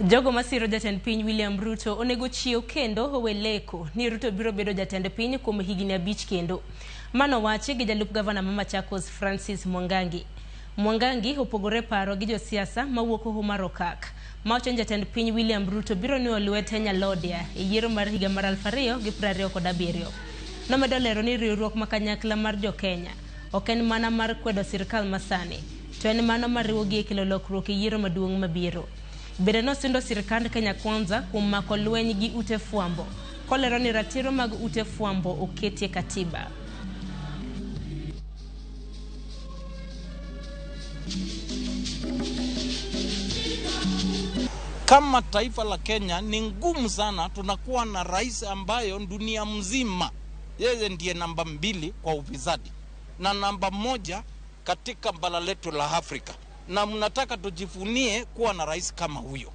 Jogo masiro jatend piny William Ruto onego chiew kendo owe leko ni Ruto biro bedo jatend piny kuom higni abich kendo. Mano wachi gi jalup gavana ma Machakos Francis Mwangangi. Mwangangi opogore paro gi josiasa mawuok Hoho mar Okak. Mawacho ni jatend piny William Ruto biro nuo lwete nyalodia e yiero mar higa mar 2027. Nomedo lero ni riwruok ma kanyakla mar jo Kenya ok en mana mar kwedo sirkal masani, to en mano mariwogi e kelo lokruok e yiero maduong' mabiro. bedo sindo sirikand Kenya Kwanza kuom mako lweny gi ute fwambo kolero ni ratiro mag ute fwambo oketi katiba. Kama taifa la Kenya ni ngumu sana, tunakuwa na rais ambayo dunia mzima yeye ndiye namba mbili kwa ufisadi na namba moja katika bara letu la Afrika na mnataka tujivunie kuwa na rais kama huyo.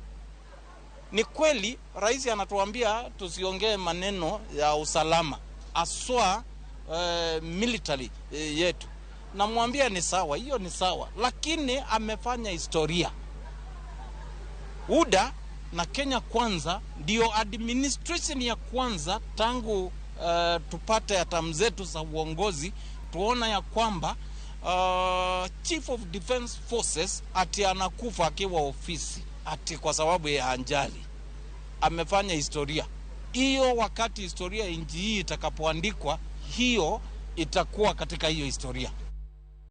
Ni kweli rais anatuambia tusiongee maneno ya usalama aswa uh, eh, military uh, yetu. Namwambia ni sawa, hiyo ni sawa, lakini amefanya historia. UDA na Kenya Kwanza ndio administration ya kwanza tangu uh, tupate hatamu zetu za uongozi, tuona ya kwamba uh, chief of defense forces ati anakufa akiwa ofisi ati kwa sababu ya anjali Amefanya historia hiyo. Wakati historia ya nchi hii itakapoandikwa, hiyo itakuwa katika hiyo historia.